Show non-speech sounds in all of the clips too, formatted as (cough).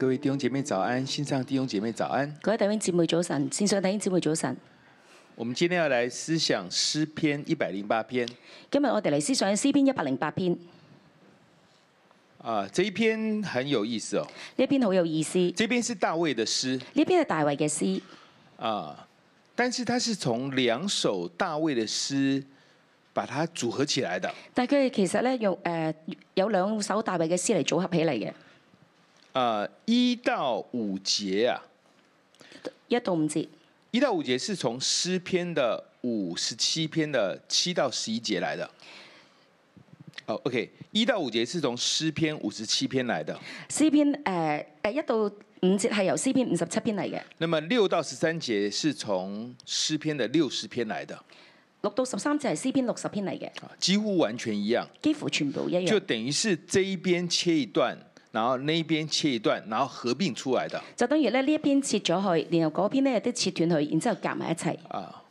各位弟兄姐妹早安，線上弟兄姐妹早安。各位弟兄姊妹早晨，線上弟兄姊妹早晨。我們今天要來思想詩篇一百零八篇。今日我哋嚟思想詩篇一百零八篇。啊，這一篇很有意思哦。呢篇好有意思。這篇是大衛的詩。呢一篇係大衛嘅詩。啊，但是它是從兩首大衛的詩，把它組合起來的。但係佢哋其實咧用誒、呃、有兩首大衛嘅詩嚟組合起嚟嘅。uh, 一到五節啊，一到五節，一到五節是從詩篇的五十七篇的七到十一節來的。OK，一到五節是從詩篇五十七篇來的。詩篇誒誒，一到五節係由詩篇五十七篇嚟嘅。那麼六到十三節是從詩篇的六十篇來的。六到十三節係詩篇六十篇嚟嘅。幾乎完全一樣，幾乎全部一樣，就等於是這一邊切一段。然後呢一邊切一段，然後合併出來的。就等於咧呢一邊切咗去，去，然後嗰邊咧都切斷去，然之後夾埋一齊。啊，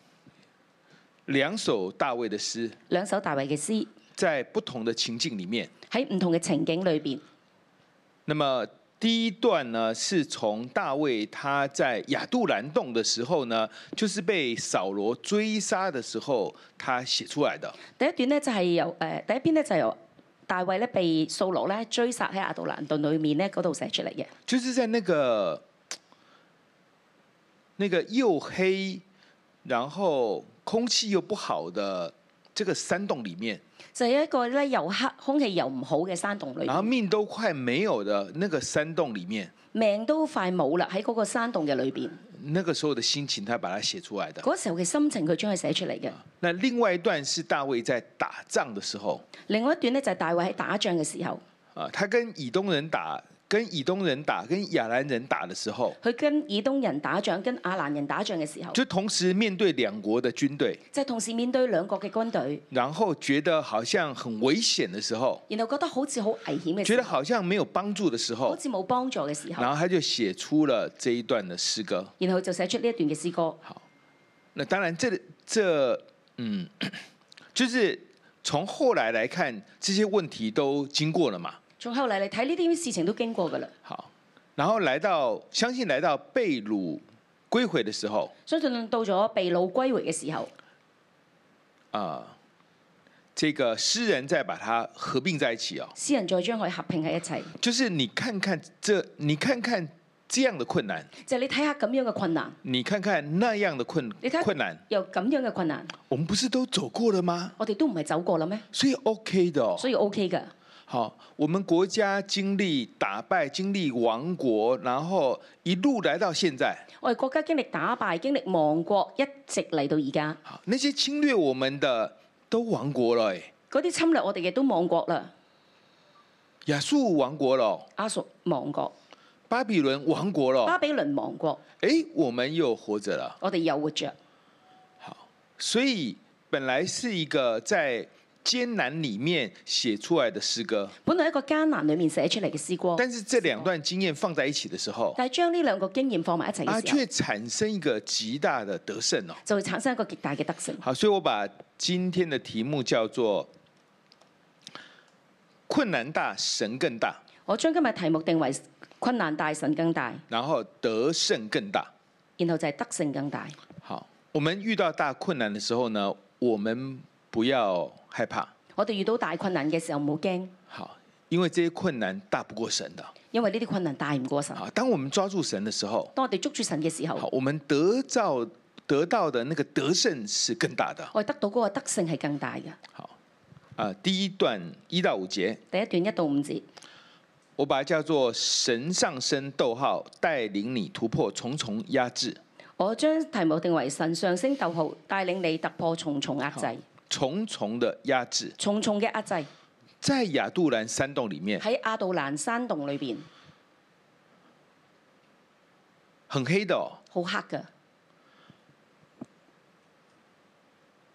兩首大衛的詩。兩首大衛嘅詩。在不同的情境裏面。喺唔同嘅情景裏邊。那麼第一段呢，是從大衛他在亞杜蘭洞的時候呢，就是被掃羅追殺的時候，他寫出來的。第一段呢就係由誒第一篇呢就係由、是。大衛咧被掃羅咧追殺喺亞杜蘭洞裏面咧嗰度寫出嚟嘅，就是在那個、那個又黑，然後空氣又不好的這個山洞裏面，就係、一個咧又黑、空氣又唔好嘅山洞裏面，然後命都快沒有的，那個山洞裏面，命都快冇啦，喺嗰個山洞嘅裏邊。那個時候的心情，他把它寫出來的。嗰時候嘅心情，佢將佢寫出嚟嘅。那另外一段是大衛在打仗的時候。另外一段呢就係大衛喺打仗嘅時候。啊，他跟以東人打。跟以東人打、跟亞蘭人打的時候，他跟以東人打仗、跟阿蘭人打仗的時候，就同時面對兩國的軍隊。在、就是、同時面對兩國的軍隊。然後覺得好像很危險的時候，然後覺得好似好危險嘅。覺得好像沒有幫助的時候，好似冇幫助嘅時候。然後他就寫出了這一段的詩歌。然後就寫出呢一段的詩歌。好，那當然這，這這，嗯，就是從後來來看，這些問題都經過了嘛。從後來你睇呢啲事情都經過噶啦。好，然後來到相信來到被擄歸回嘅時候。相信到咗被擄歸回嘅時候。啊、呃，這個詩人在把它合並在一起哦。詩人再將在將佢合並喺一齊。就是你看看這，你看看這樣的困難。就是、你睇下咁樣嘅困難。你看看那樣的困，困難。有咁樣嘅困難。我們不是都走過了嗎？我哋都唔係走過了咩、OK 哦？所以 OK 的。所以 OK 嘅。好，我們國家經歷打敗、經歷亡國，然後一路來到現在。我哋國家經歷打敗、經歷亡國，一直嚟到而家。好，那些侵略我們的都亡國了。嗰啲侵略我哋嘅都亡國啦。亞述亡國咯。亞述亡國。巴比倫亡國咯。巴比倫亡國。誒、欸，我們又活着啦。我哋又活着。好，所以本來是一個在。艱難裏面寫出來的詩歌，本來一個艱難裏面寫出嚟嘅詩歌，但是這兩段經驗放在一起嘅時候，但係將呢兩個經驗放埋一齊，而卻產生一個極大的得勝哦，就會產生一個極大嘅得勝。好，所以我把今天的題目叫做困難大，神更大。我將今日題目定為困難大，神更大，然後得勝更大，然後就係得勝更大。好，我們遇到大困難嘅時候呢，我們。不要害怕。我哋遇到大困難嘅時候，唔好驚。好，因為這些困難大不過神的。因為呢啲困難大唔過神。好，當我們抓住神的時候，當我哋捉住神嘅時候，我們得到得到的那個得勝是更大的。我哋得到嗰個得勝係更大嘅。好，啊，第一段一到五節。第一段一到五節，我把它叫做神上升，逗號帶領你突破重重壓制。我將題目定為神上升，逗號帶領你突破重重壓制。重重，重重的壓制，重重嘅壓制，在亞杜蘭山洞裡面，喺亞杜蘭山洞裏邊，很黑的，哦，好黑嘅，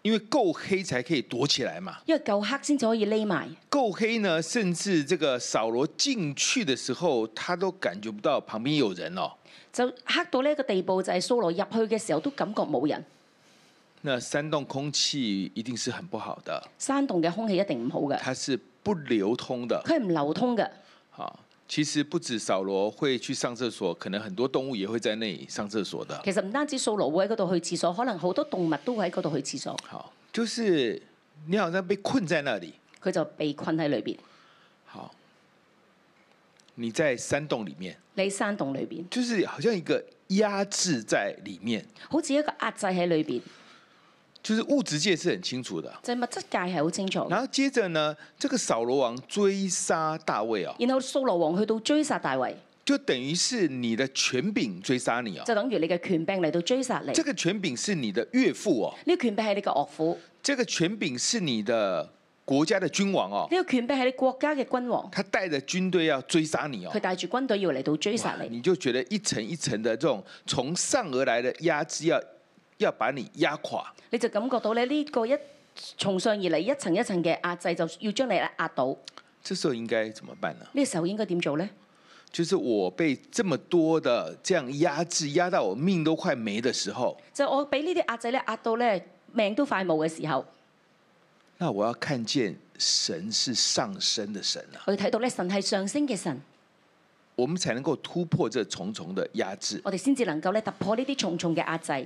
因為夠黑才可以躲起來嘛，因為夠黑先至可以匿埋，夠黑呢，甚至這個掃羅進去的時候，他都感覺不到旁邊有人哦，就黑到呢個地步，就係、是、掃羅入去嘅時候都感覺冇人。那山洞空氣一定是很不好的。山洞嘅空氣一定唔好嘅。它是不流通的。佢係唔流通嘅。好，其實不止掃羅會去上廁所，可能很多動物也會在那裏上廁所的。其實唔單止掃羅會喺嗰度去廁所，可能好多動物都會喺嗰度去廁所。好，就是你好像被困在那裏，佢就被困喺裏邊。好，你在山洞裏面。你在山洞裏邊，就是好像一個壓制在裏面，好似一個壓制喺裏邊。就是物質界是很清楚的，就物質界係好清楚。然後接着呢，這個掃羅王追殺大衛啊,然後掃羅王去到追殺大衛，就等於是你的權柄追殺你啊，就等於你嘅權柄嚟到追殺你。這個權柄是你的岳父哦，呢個權柄係你嘅岳父。這個權柄是你的國家的君王哦，呢個權柄係你國家嘅君王。他帶着軍隊要追殺你哦，佢帶住軍隊要嚟到追殺你，你就覺得一層一層的這種從上而來的壓制要。要把你壓垮，你就感覺到咧呢個一從上而嚟一層一層嘅壓制，就要將你壓到。這時候應該怎麼辦呢？呢個時候應該點做呢？就是我被這麼多的這樣壓制，壓到我命都快沒的時候，就我俾呢啲壓制咧壓到咧命都快冇嘅時候，那我要看見神是上升的神啊！我哋睇到咧神係上升嘅神，我們才能夠突破這重重的壓制。我哋先至能夠咧突破呢啲重重嘅壓制。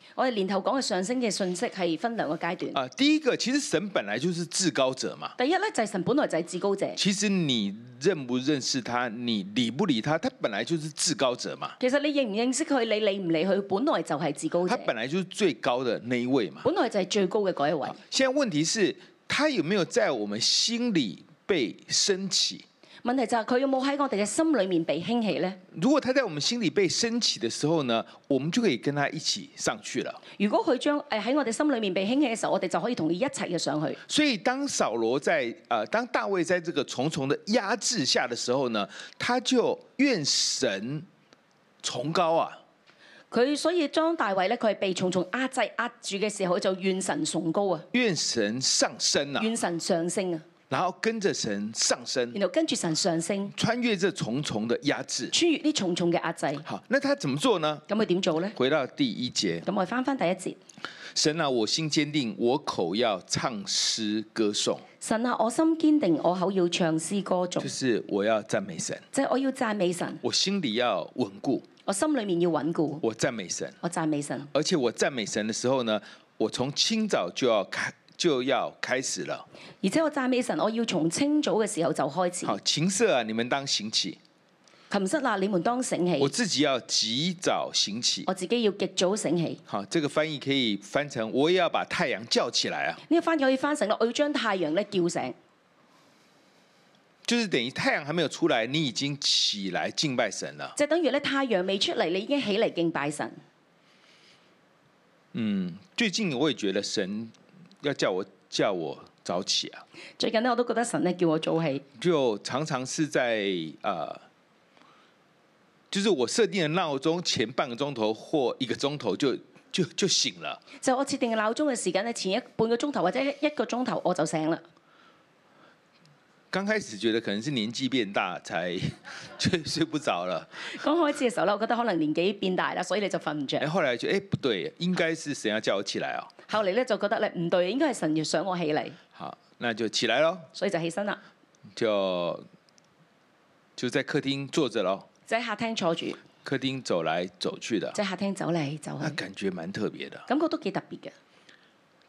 我哋年頭講嘅上升嘅信息係分兩個階段。啊，第一個其實神本來就是至高者嘛。第一咧就係神本來就係至高者。其實你認不認識他，你理不理他，他本來就是至高者嘛。其實你認唔認識佢，你理唔理佢，他本來就係至高者。他本來就係最高的那一位嘛。本來就係最高嘅嗰一位。現在問題是他有沒有在我們心裡被升起？問題就係佢有冇喺我哋嘅心裏面被興起呢？如果他在我們心裏被升起的時候呢，我們就可以跟他一起上去了。如果佢將誒喺我哋心裏面被興起嘅時候，我哋就可以同佢一齊嘅上去。所以當掃羅在啊、呃，當大衛在這個重重的壓制下嘅時候呢，他就願神崇高啊。佢所以將大衛咧，佢係被重重壓制壓住嘅時候，就願神崇高啊，願神上升啦、啊，願神上升啊。然後跟着神上升，然後跟住神上升，穿越這重重的壓制，穿越呢重重嘅壓制。好，那他怎麼做呢？咁佢點做呢？回到第一節，咁我哋翻翻第一節。神啊，我心堅定，我口要唱詩歌頌。神啊，我心堅定，我口要唱詩歌頌。就是我要讚美神，即係我要讚美神。我心裏要穩固，我心裏面要穩固。我讚美神，我讚美神。而且我讚美神的時候呢，我從清早就要開。就要開始了，而且我讚美神，我要從清早嘅時候就開始。好，琴瑟啊，你們當醒起；琴瑟啦，你們當醒起。我自己要及早醒起,我自己要極早醒起。好，這個翻譯可以翻成，我也要把太陽叫起來啊。呢個翻譯可以翻成咯，我要將太陽咧叫醒，就是等於太陽還沒有出來，你已經起來敬拜神啦。就等於咧太陽未出嚟，你已經起嚟敬拜神。嗯，最近我也覺得神，要叫我叫我早起啊！最近咧我都覺得神咧叫我早起，就常常是在啊、呃，就是我設定嘅鬧鐘前半個鐘頭或一個鐘頭就就就醒了。就我設定嘅鬧鐘嘅時間咧，前一半個鐘頭或者一個鐘頭我就醒啦。剛開始覺得可能是年紀變大，才睡 (laughs) (laughs) 睡不着了。剛開始嘅時候咧，我覺得可能年紀變大了，所以你就瞓唔着。誒，後來就哎，欸、不對，應該是神要叫我起來哦。 (laughs) 後嚟咧就覺得咧唔對，應該係神要想我起嚟。好，那就起來咯。所以就起身啦，就就在客廳坐着咯。在客廳坐住。客廳走來走去的。在客廳走嚟走去。感覺蠻特別的。感覺都幾特別嘅。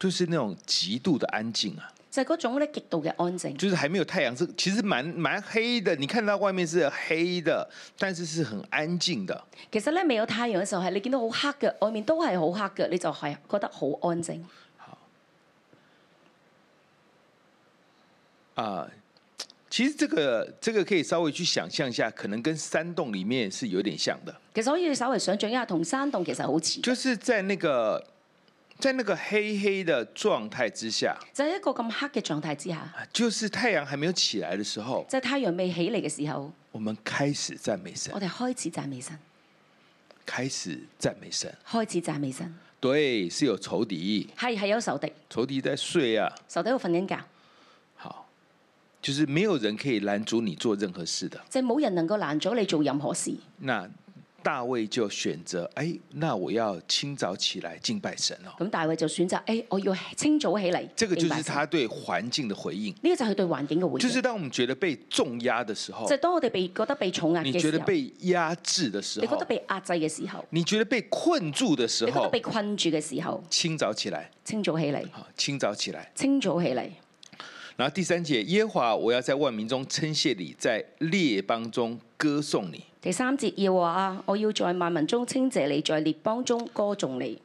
就是那種極度的安靜啊。就係、是、嗰種咧極度嘅安靜，就是還沒有太陽，是其實蠻蠻黑的。你看到外面是黑的，但是是很安靜的。其實咧沒有太陽嘅時候係你見到好黑嘅，外面都係好黑嘅，你就係覺得好安靜。啊、呃，其實這個這個可以稍微去想象一下，可能跟山洞裡面是有點像的。其實可以稍微想象一下，同山洞其實好似，就是在那個。在那個黑黑的狀態之下，就係一個咁黑嘅狀態之下，就是太陽還沒有起來的時候，就係太陽未起嚟嘅時候，我們開始讚美神，我哋開始讚美神，開始讚美神，開始讚美神，對，是有仇敵，係係有仇敵，仇敵在睡啊，仇敵喺度瞓緊覺，好，就是沒有人可以攔阻你做任何事的，就冇人能夠攔阻你做任何事，嗱。大衛就選擇，哎，那我要清早起來敬拜神咯。咁大衛就選擇，哎，我要清早起來。這個就是他對環境的回應。呢個就係對環境嘅回應。就是當我們覺得被重壓的時候，即係、是、當我哋被覺得被重壓嘅時候，你覺得被壓制的時候，你覺得被壓制嘅時，時候，你覺得被困住的時候，你覺得被困住嘅時候，清早起來，清早起來，清早起來，清早起來。然後第三節，耶華，我要在萬民中稱謝你，在列邦中歌頌你。第三節耶華啊，我要在萬民中稱謝你，在列邦中歌頌你。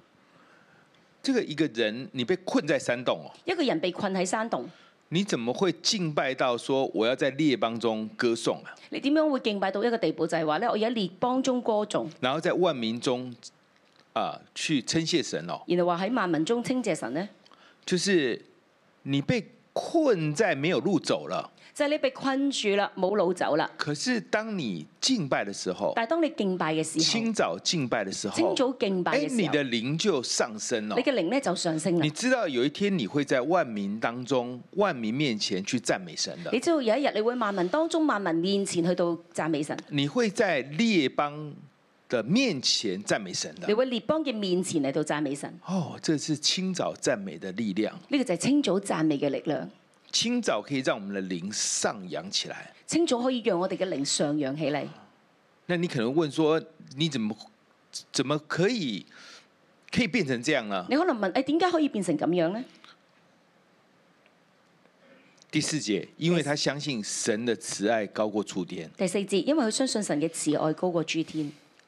這個一個人你被困在山洞哦，一個人被困喺山洞，你怎麼會敬拜到說我要在列邦中歌頌啊？你點樣會敬拜到一個地步就係話咧？我要喺列邦中歌頌，然後在萬民中啊去稱謝神咯、哦。然後話喺萬民中稱謝神呢，就是你被。困在沒有路走了，就係你被困住啦，冇路走啦。可是當你敬拜的時候，但係當你敬拜嘅時候，清早敬拜嘅時候，清早敬拜嘅時候，哎、欸，你的靈就上升咯，你嘅靈咧就上升啦。你知道有一天你會在萬民當中、萬民面前去讚美神的，你知道有一日你會在萬民當中、萬民面前去到讚美神，你會在列邦。的面前讚美神的，你會列邦嘅面前嚟到讚美神。哦，這是清早讚美的力量。呢個就係清早讚美嘅力量。清早可以讓我們的靈上揚起來。清早可以讓我哋嘅靈上揚起嚟。那你可能問說，你怎麼怎麼可以可以變成這樣呢？你可能問，誒，點解可以變成咁樣呢？第四節，因為他相信神的慈愛高過諸天。第四節，因為佢相信神嘅慈愛高過諸天。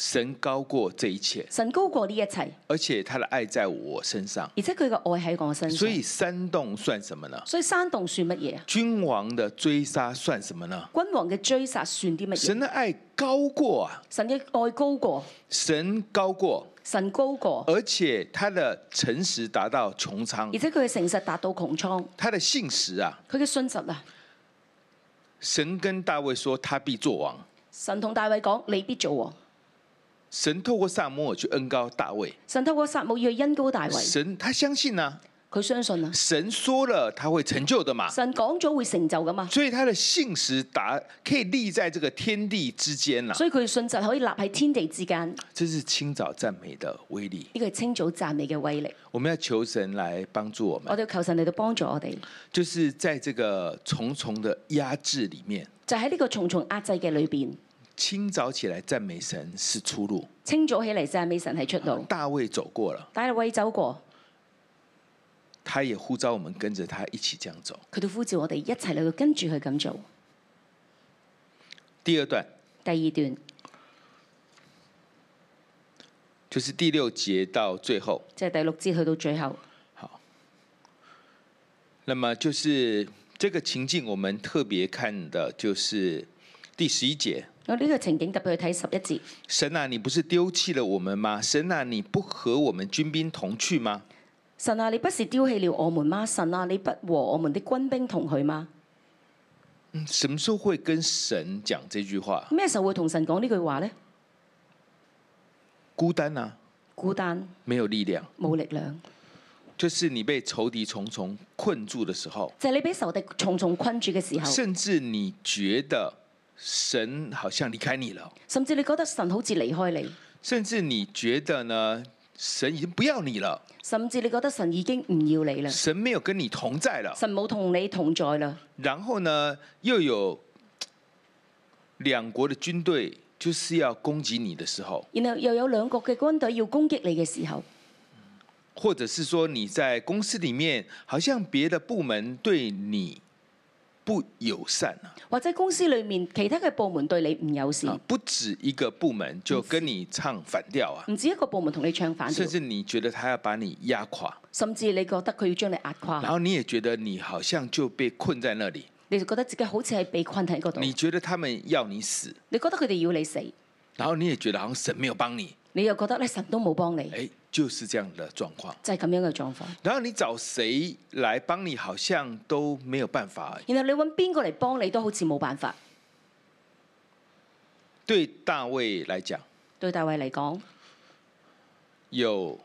神高過這一切，神高過呢一切，而且他的愛在我身上，而且佢嘅愛喺我身上，所以山洞算什麼呢？所以山洞算乜嘢啊？君王的追殺算什麼呢？君王嘅追殺算啲乜嘢？神的愛高過啊，神嘅愛高過，神高過，神高過，而且他的誠實達到穹蒼，而且佢嘅誠實達到穹蒼，他的信實啊，佢嘅信實啊，神跟大衛說他必做王，神同大衛講你必做王。神透過撒母耳去恩膏大衛。神透過撒母耳去恩膏大衛。神，他相信啊，佢相信啦。神說了，他會成就的嘛。神講咗會成就噶嘛。所以他的信實達可以立在這個天地之間啦。所以佢嘅信實可以立喺天地之間。這是清早讚美的威力。呢個係清早讚美嘅威力。我們要求神來幫助我們。我哋求神嚟到幫助我哋。就是在這個重重的壓制裏面。就喺呢個重重壓制嘅裏邊。清早起來讚美神是出路。清早起嚟讚美神係出路。大衛走過了。大衛走過，他也呼召我們跟着他一起這樣走。佢都呼召我哋一齊嚟到跟住佢咁做。第二段。第二段，就是第六節到最後。即係第六節去到最後。好。那麼就是這個情境，我們特別看的，就是第十一節。呢個情景特別去睇十一節。神啊，你不是丟棄了我們嗎？神啊，你不和我們軍兵同去嗎？神啊，你不是丟棄了我們嗎？神啊，你不和我們的軍兵同去嗎？什麼時候會跟神講這句話？咩時候會同神講呢句話呢？孤單啊！孤單。沒有力量。冇力量。就是你被仇敵重重困住的時候。就係你被仇敵重重困住嘅時候。甚至你覺得。神好像離開你了，甚至你覺得神好似離開你，甚至你覺得呢，神已經不要你了，甚至你覺得神已經唔要你了，神沒有跟你同在了，神冇同你同在了。然後呢，又有兩國的軍隊就是要攻擊你的時候，然後又有兩國嘅軍隊要攻擊你嘅時候，或者是說你在公司裏面，好像別嘅部門對你。不友善啊，或者公司裏面其他嘅部門對你唔友善，不止一個部門就跟你唱反調啊，唔止一個部門同你唱反調，甚至你覺得他要把你壓垮，甚至你覺得佢要將你壓垮，然後你也覺得你好像就被困在那裏，你就覺得自己好似係被困喺嗰度，你覺得他們要你死，你覺得佢哋要你死，然後你也覺得好像神沒有幫你，你又覺得咧神都冇幫你，哎就是這樣的狀況，就係咁樣嘅狀況。然後你找誰來幫你，好像都沒有辦法。然後你揾邊個嚟幫你都好似冇辦法。對大衛來講，對大衛嚟講，有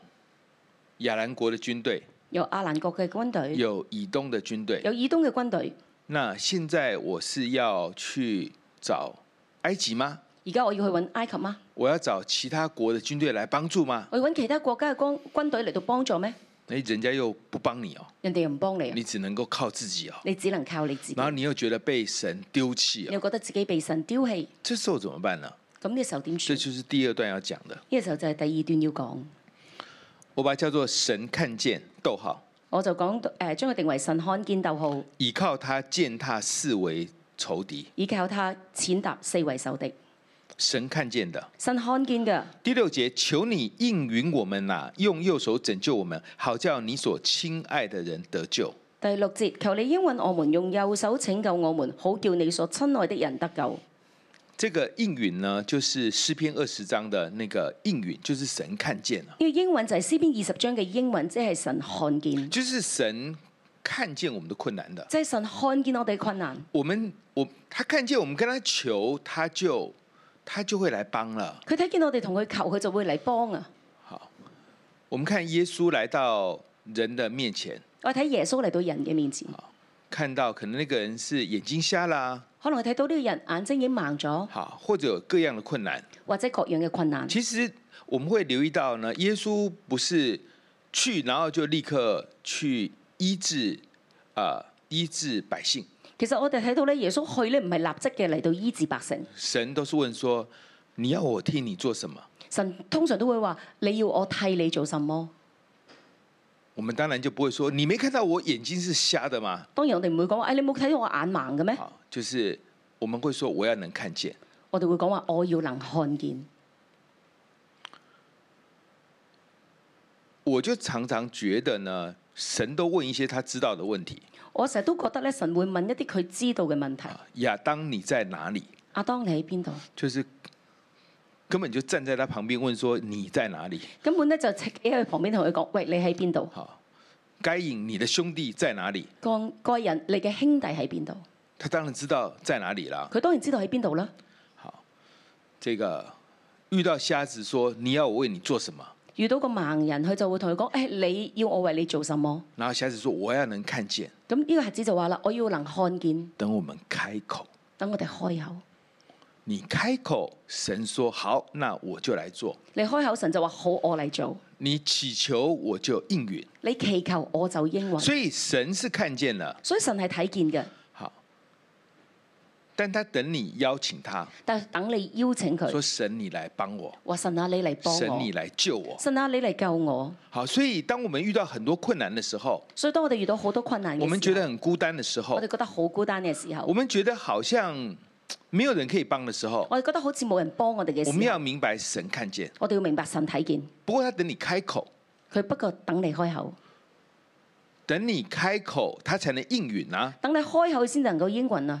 亞蘭國的軍隊，有亞蘭國嘅軍隊，有以東的軍隊，有以東嘅軍隊。那現在我是要去找埃及嗎？而家我要去揾埃及嗎？我要找其他國嘅軍隊來幫助嗎？我要揾其他國家嘅軍軍隊嚟到幫助咩？哎，人家又不幫你哦、啊。人哋又唔幫你、啊，你只能夠靠自己啊！你只能靠你自己。然後你又覺得被神丟棄、啊，你又覺得自己被神丟棄、啊，這時候怎麼辦呢？咁呢時候點做？這就是第二段要講的。呢、這個時候就係第二段要講，我把佢叫做神看見。逗號，我就講誒、呃，將佢定為神看見。逗號，倚靠他踐踏四圍仇敵，倚靠他踐踏四圍仇敵。神看見的，神看見的。第六節，求你應允我們啦、啊，用右手拯救我們，好叫你所親愛的人得救。第六節，求你應允我們，用右手拯救我們，好叫你所親愛的人得救。這個應允呢，就是詩篇二十章的那個應允，就是神看見了。因、這、為、個、英文就係詩篇二十章嘅英文，即、就、係、是、神看見，就是神看見我們的困難的。即、就、係、是、神看見我哋困難。我們我，他看見我們，跟他求，他就。他就會來幫了。佢睇見我哋同佢求，佢就會嚟幫啊。好，我們看耶穌來到人的面前。我睇耶穌嚟到人嘅面前，看到可能那個人是眼睛瞎啦，可能佢睇到呢個人眼睛已經盲咗，好，或者各樣嘅困難，或者各樣嘅困難。其實我們會留意到呢，耶穌不是去，然後就立刻去醫治啊、呃，醫治百姓。其實我哋睇到咧，耶穌去咧，唔係立即嘅嚟到醫治百姓。神都是問說：你要我替你做什麼？神通常都會話：你要我替你做什麼？我們當然就不會說：你沒看到我眼睛是瞎的嗎？當然我哋唔會講話：哎，你冇睇到我眼盲嘅咩？好，就是我們會說：我要能看見。我哋會講話：我要能看見。我就常常覺得呢，神都問一些他知道的問題。我成日都覺得咧，神會問一啲佢知道嘅問題。亞當，你在哪裡？阿當，你喺邊度？就是根本就站在他旁邊問說：你在哪裡？根本咧就企喺佢旁邊同佢講：喂，你喺邊度？好，該隱、那個，你的兄弟在哪裡？講該人，你嘅兄弟喺邊度？他當然知道在哪裡啦。佢當然知道喺邊度啦。好，這個遇到瞎子說：你要我為你做什麼？遇到個盲人，佢就會同佢講：誒、哎，你要我為你做什麼？然後瞎子說：我要能看見。咁呢個瞎子就話啦：我要能看見。等我們開口，等我哋開口。你開口，神說好，那我就嚟做。你開口，神就話好，我嚟做。你祈求，我就應允。你祈求，我就應允。所以神是看見了，所以神係睇見嘅。但他等你邀請他，但等你邀請佢，說神你來幫我，話神啊你來幫，神你來救我，神啊你來救我。好，所以當我們遇到很多困難的時候，所以當我哋遇到好多困難，我們覺得很孤單的時候，我哋覺得好孤單嘅時候，我們覺得好像沒有人可以幫的時候，我哋覺得好似冇人幫我哋嘅時候我，我們要明白神看見，我哋要明白神睇見。不過他等你開口，佢不過等你開口，等你開口，他才能應允啊。等你開口先能夠應允啊。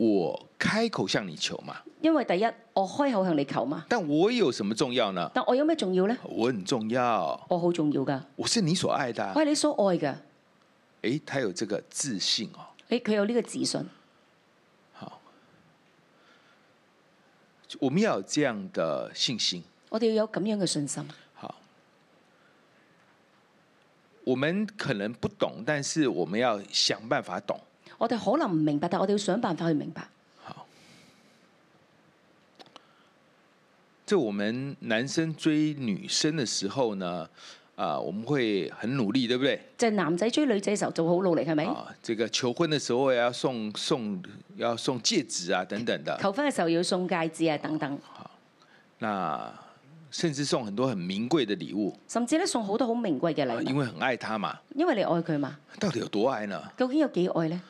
我開口向你求嘛，因為第一我開口向你求嘛，但我有什麼重要呢？但我有咩重要呢？我很重要，我好重要噶，我是你所愛的，我係你所愛嘅，誒、欸，他有這個自信哦，哎、欸，佢有呢個自信，好，我們要有這樣的信心，我哋要有咁樣嘅信心，好，我們可能不懂，但是我們要想辦法懂。我哋可能唔明白，但我哋要想辦法去明白。好，就我們男生追女生的時候呢，啊，我們會很努力，對不對？就係、是、男仔追女仔嘅時候，做好努力，係咪？啊，這個求婚的時候要送送要送戒指啊，等等的。求婚嘅時候要送戒指啊，等等。好，好那甚至送很多很名貴嘅禮物。甚至咧送好多好名貴嘅禮物，啊。因為很愛他嘛。因為你愛佢嘛。到底有多愛呢？究竟有幾愛呢？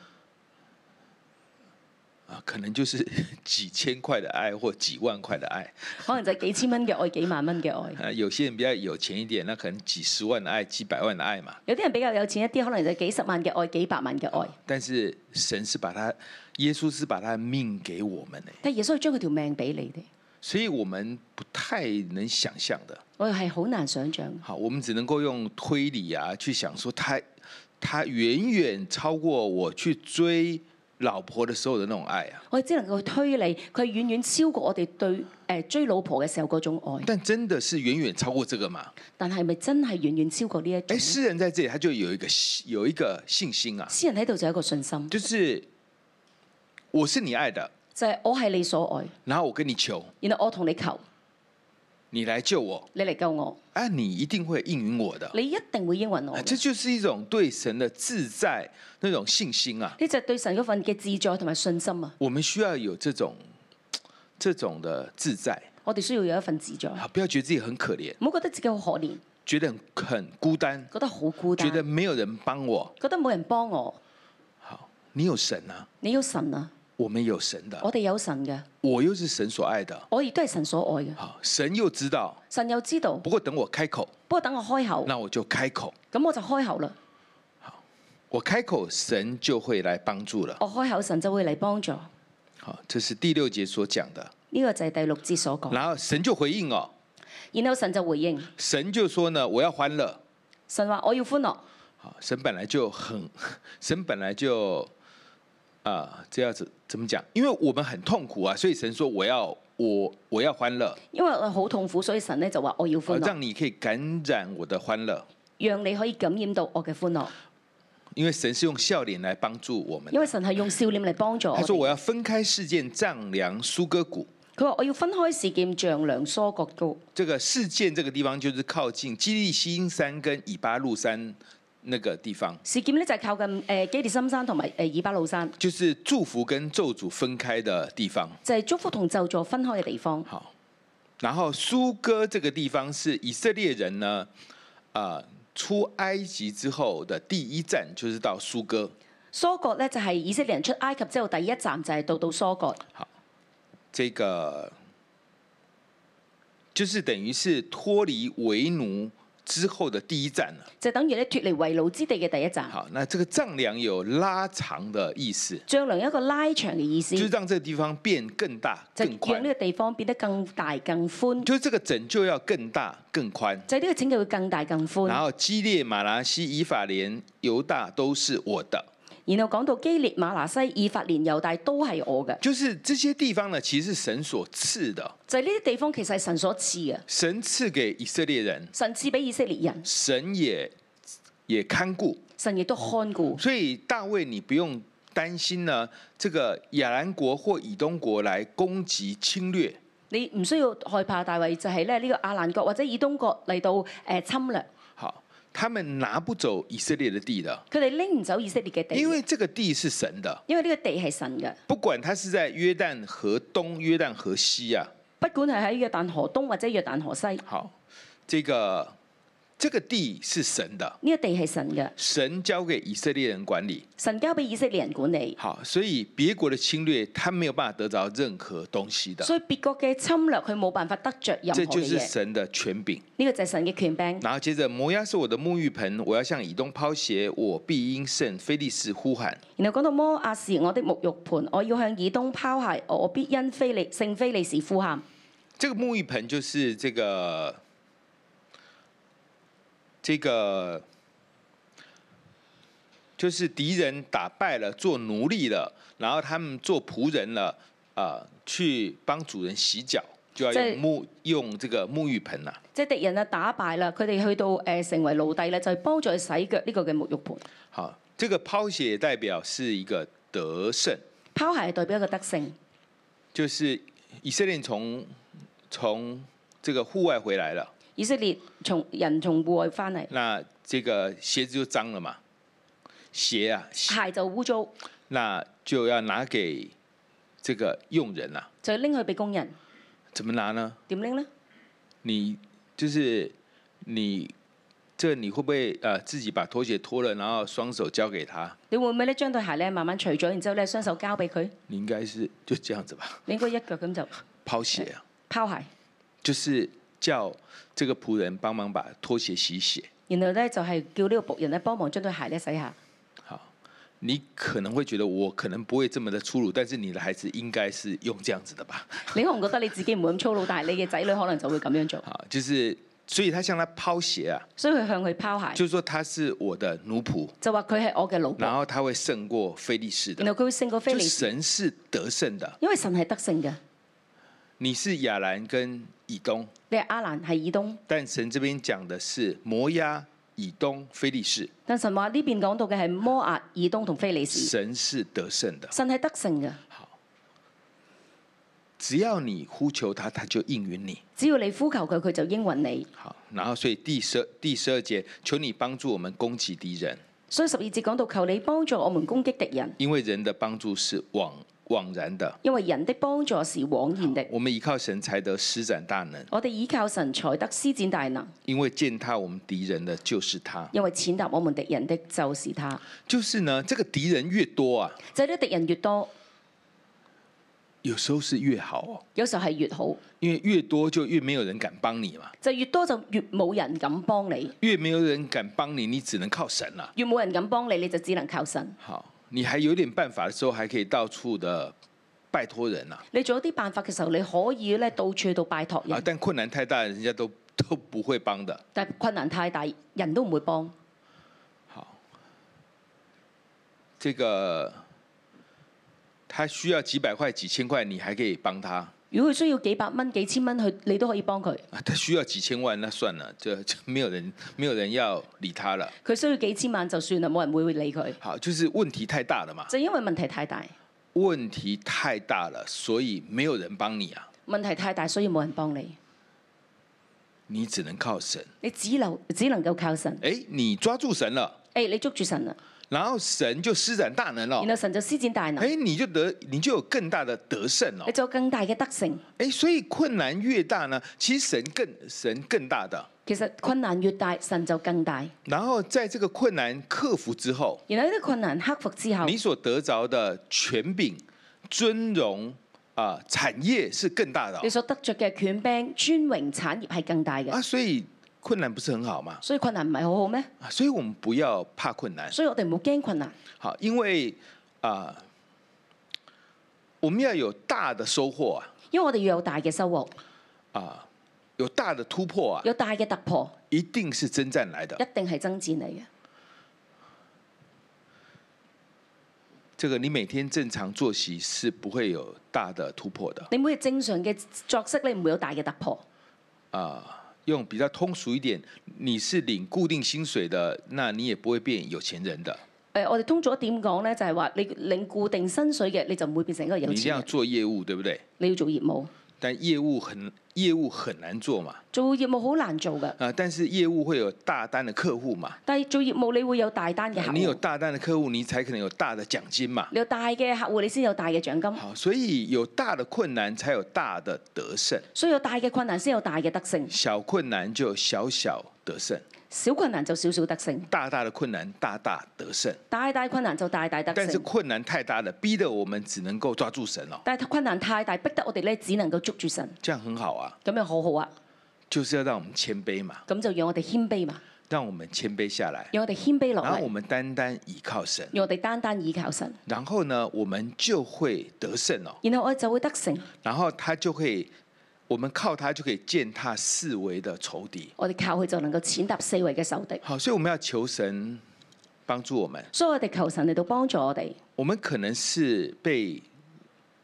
可能就是幾千塊的愛或幾萬塊的愛，可能就幾千蚊嘅愛，幾萬蚊嘅愛。啊，有些人比較有錢一點，那可能幾十萬的愛，幾百萬的愛嘛。有啲人比較有錢一啲，可能就幾十萬嘅愛，幾百萬嘅愛。但是神是把他，耶穌是把他的命給我們嘅。但耶穌係將佢條命俾你，所以我們不太能想象的。我係好難想象。好，我們只能夠用推理啊，去想說他，他他遠遠超過我去追。老婆的所有的那種愛啊，我只能夠推理，佢係遠遠超過我哋對誒追老婆嘅時候嗰種愛。但真的是遠遠超過這個嘛？但係咪真係遠遠超過呢一種？誒、欸，詩人在這裏，他就有一個有一個信心啊。詩人喺度就有一個信心，就是我是你愛的，就係、是、我係你所愛，然後我跟你求，然後我同你求。你嚟救我，你嚟救我，哎、啊，你一定會應允我的，你一定會應允我的、啊，這就是一種對神的自在那種信心啊！呢就對神嗰份嘅自在同埋信心啊！我們需要有這種，這種的自在。我哋需要有一份自在。好，不要覺得自己很可憐，唔好覺得自己好可憐，覺得很孤單，覺得好孤單，覺得沒有人幫我，覺得冇人幫我。好，你有神啊，你有神啊。我們有神的，我哋有神嘅，我又是神所愛的，我亦都係神所愛嘅。神又知道，神又知道。不過等我開口，不過等我開口，那我就開口，咁我就開口啦。我開口，神就會來幫助了。我開口，神就會嚟幫助。好，這是第六節所講的。呢個就係第六節所講的。然後神就回應哦，然後神就回應，神就說呢，我要歡樂。神話我要歡樂。神本來就很，神本來就。啊，這樣子怎麼講？因為我們很痛苦啊，所以神說我要我我要歡樂。因為我好痛苦，所以神呢就話我要歡樂。讓你可以感染我的歡樂。讓你可以感染到我嘅歡樂。因為神是用笑臉嚟幫助我們。因為神係用笑臉嚟幫助我。他說我要分開示劍，丈量疏割谷。佢話我要分開示劍，丈量疏割谷。這個示劍這個地方就是靠近基利心山跟以巴路山。那個地方。示劍呢，就係靠近誒基利心山同埋誒以巴路山。就是祝福跟咒詛分開的地方。就係、是、祝福同咒詛分開嘅地方。好，然後疏割，這個地方是以色列人呢、呃，出埃及之後的第一站就是到疏割。疏割呢，就係、是、以色列人出埃及之後第一站就係到到疏割。好，這個就是等於是脫離為奴。之後的第一站啦，就等於咧脫離為奴之地嘅第一站。好，那這個丈量有拉長嘅意思。丈量一個拉長嘅意思，就係、是、讓呢個地方變更大、更寬。即係讓呢個地方變得更大、更寬。就係這個拯救要更大、更寬。就係呢個拯救會更大、更寬。然後，基列馬拉西、以法蓮、猶大都是我的。然後講到基列、馬拿西以法蓮、猶大，都係我嘅。就是這些地方呢，其實是神所賜的。就係呢啲地方，其實係神所賜嘅。神賜給以色列人。神賜俾以色列人。神也也看顧。神亦都看顧。所以大衛，你不用擔心呢，這個亞蘭國或以東國來攻擊侵略。你唔需要害怕，大衛就係咧呢、這個亞蘭國或者以東國嚟到誒侵略。他們拿不走以色列的地的，佢哋拎唔走以色列嘅地，因為這個地是神的，因為呢個地係神嘅，不管他是在約旦河東、約旦河西啊，不管係喺約旦河東或者約旦河西，好，這個。這個地是神的，呢個地係神嘅，神交給以色列人管理。神交俾以色列人管理。好，所以別國的侵略，他沒有辦法得着任何東西的。所以別國嘅侵略，佢冇辦法得着任何嘅嘢。這就是神的權柄，呢個就係神嘅權柄。然後接着，摩押是我的沐浴盆，我要向以東拋鞋，我必因聖非利士呼喊。然後講到摩押是我的沐浴盆，我要向以東拋鞋，我必因非利聖非利士呼喊。這個沐浴盆就是這個。這個就是敵人打敗了，做奴隸了，然後他們做僕人了，呃，去幫主人洗腳，就要用沐用這個沐浴盆呐。即係敵人啊打敗了，佢哋去到誒成為奴隸咧，就係幫助佢洗腳呢個嘅沐浴盆。好，這個拋鞋代表是一個得勝。拋鞋代表一個得勝，就是以色列從從這個戶外回來了。以色列從人從戶外翻嚟，那這個鞋子就髒了嘛？鞋啊，鞋，鞋就污糟，那就要拿給這個用人啦、啊，就拎去俾工人，怎麼拿呢？點拎呢？你就是你，這個、你會不會啊、呃、自己把拖鞋脫了，然後雙手交給他？你會唔會咧將對鞋咧慢慢除咗，然之後咧雙手交俾佢？你應該是就這樣子吧，你應該一腳咁就拋鞋啊，拋鞋，就是。叫這個僕人幫忙把拖鞋洗洗，然後呢，就係、是、叫呢個僕人咧幫忙將對鞋咧洗下。好，你可能會覺得我可能不會這麼的粗魯，但是你的孩子應該是用這樣子的吧？你可能覺得你自己唔會咁粗魯， (laughs) 但係你嘅仔女可能就會咁樣做。啊，就是，所以他向他拋鞋啊，所以佢向佢拋鞋，就是說他是我的奴僕，就話佢係我嘅奴僕，然後他會勝過非利士的，然後佢會勝過非利士，神是得勝的，因為神係得勝嘅。你是亞蘭跟以東，你係亞蘭係以東，但神這邊講的是摩押、以東、非利士。但神話呢邊講到嘅係摩押、以東同非利士。神是得勝的，神係得勝嘅。好，只要你呼求他，他就應允你。只要你呼求佢，佢就應允你。好，然後所以第十、第十二節，求你幫助我們攻擊敵人。所以十二節講到，求你幫助我們攻擊敵人，因為人的幫助是枉枉然的，因為人的幫助是枉然的。我們依靠神才得施展大能。我哋依靠神才得施展大能。因為踐踏我們敵人的就是他。因為踐踏我們敵人的就是他。就是呢，這個敵人越多啊，就啲敵人越多，有時候是越好啊，有時候係越好，因為越多就越沒有人敢幫你嘛。就越多就越冇人敢幫你，越沒有人敢幫你，你只能靠神啦，啊。越冇人敢幫你，你就只能靠神啊。好。你還有點辦法的時候，還可以到處的拜託人呢、啊、你做一啲辦法嘅時候，你可以呢到處去到拜託人。啊，但困難太大，人家都都不會幫的。但困難太大，人都唔會幫。好，這個他需要幾百塊、幾千塊，你還可以幫他。如果佢需要幾百蚊、幾千蚊，佢你都可以幫佢。啊，他需要幾千萬，那算了，就沒有人、沒有人要理他了。佢需要幾千萬就算啦，冇人會會理佢。好，就是問題太大了嘛。就因為問題太大。問題太大了，所以沒有人幫你啊。問題太大，所以冇人幫你。你只能靠神。你只留只能夠靠神。誒、欸，你抓住神了。誒、欸，你捉住神啦。然後神就施展大能咯，然後神就施展大能，哎，你就得，你就有更大的得勝咯，你做更大嘅得勝，哎，所以困難越大呢，其實神更神更大的，其實困難越大，神就更大。然後在這個困難克服之後，然後呢困難克服之後，你所得着的權柄、尊榮啊、呃、產業是更大的，你所得着嘅權柄、尊榮、產業係更大嘅，啊，所以。困難不是很好嘛？所以困難唔係好好咩？所以我們不要怕困難。所以我哋唔好驚困難。好，因為啊、呃，我們要有大的收穫啊。因為我哋要有大嘅收穫。啊、呃，有大的突破啊。有大嘅突破。一定是征戰來的。一定係征戰嚟嘅。這個你每天正常作息是不會有大的突破的。你每日正常嘅作息你唔會有大嘅突破。啊、呃。用比較通俗一點，你是領固定薪水的，那你也不會變有錢人的。誒，我哋通俗一點講咧，就係、是、話你領固定薪水嘅，你就唔會變成一個有錢人。你一定要做業務，對不對？你要做業務，但業務很。業務很難做嘛？做業務好難做㗎。啊，但是業務會有大單的客戶嘛？但係做業務你會有大單嘅客戶。你有大單嘅客戶，你才可能有大嘅獎金嘛？你有大嘅客戶，你先有大嘅獎金。好，所以有大的困難，才有大的得勝。所以有大嘅困難，先有大嘅得勝。小困難就小小。得勝，小困難就少少得勝，大大的困難大大得勝，大大困難就大大得勝。但是困難太大了，逼得我們只能夠抓住神咯。但係困難太大，逼得我哋咧只能夠捉住神。這樣很好啊，咁樣好好啊，就是要讓我們謙卑嘛，咁就讓我哋謙卑嘛，讓我們謙卑下來，讓我哋謙卑落嚟，我們單單倚靠神，讓我哋單單倚靠神，然後呢，我們就會得勝咯，然後我就會得勝，然後他就會。我們靠它就可以踐踏四圍的仇敵，我哋靠佢就能夠踐踏四圍嘅仇敵。好，所以我們要求神幫助我們，所以我哋求神嚟到幫助我哋。我們可能是被，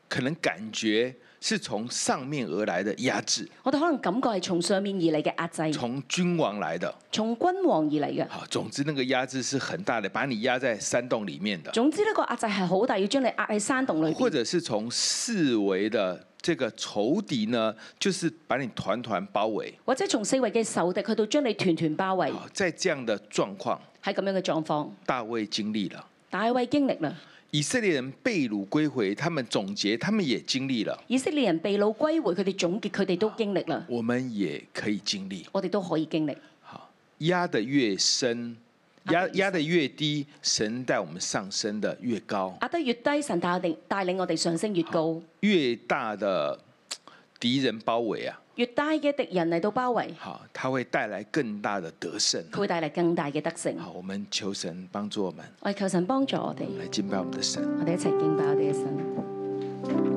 可能感覺是從上面而來的壓制，我哋可能感覺係從上面而嚟嘅壓制，從君王來的，從君王而嚟嘅。好，總之那個壓制是很大的，把你壓在山洞裏面的。總之呢個壓制係好大，要將你壓喺山洞裏面。或者是從四圍的。這個仇敵呢，就是把你團團包圍，或者從四位嘅仇敵去到將你團團包圍。在這樣的狀況，喺咁樣嘅狀況，大衛經歷了，大衛經歷了，以色列人被擄歸回，他們總結，他們也經歷了，以色列人被擄歸回，佢哋總結，佢哋都經歷了，我們也可以經歷，我哋都可以經歷。好，壓得越深。壓壓得越低，神帶我們上升得越高。壓得越低，神帶領帶領我哋上升越高。越大的敵人包圍啊！越大嘅敵人嚟到包圍。好，他會帶來更大的得勝。佢會帶嚟更大嘅得勝。好，我們求神幫助我們。我哋求神幫助我哋。來敬拜我們的神。我哋一齊敬拜我哋嘅神。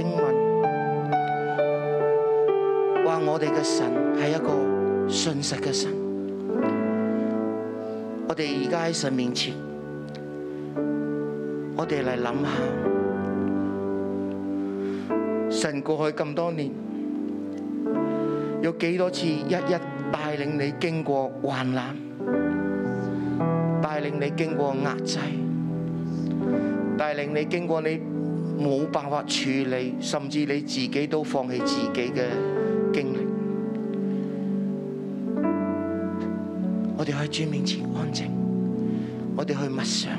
經文話：我哋嘅神係一個信實嘅神。我哋而家喺神面前，我哋嚟諗下，神過去咁多年有幾多次，一一帶領你經過患難，帶領你經過壓制，帶領你經過你。冇辦法處理，甚至你自己都放棄自己嘅經歷。我哋去主面前安靜，我哋去默想。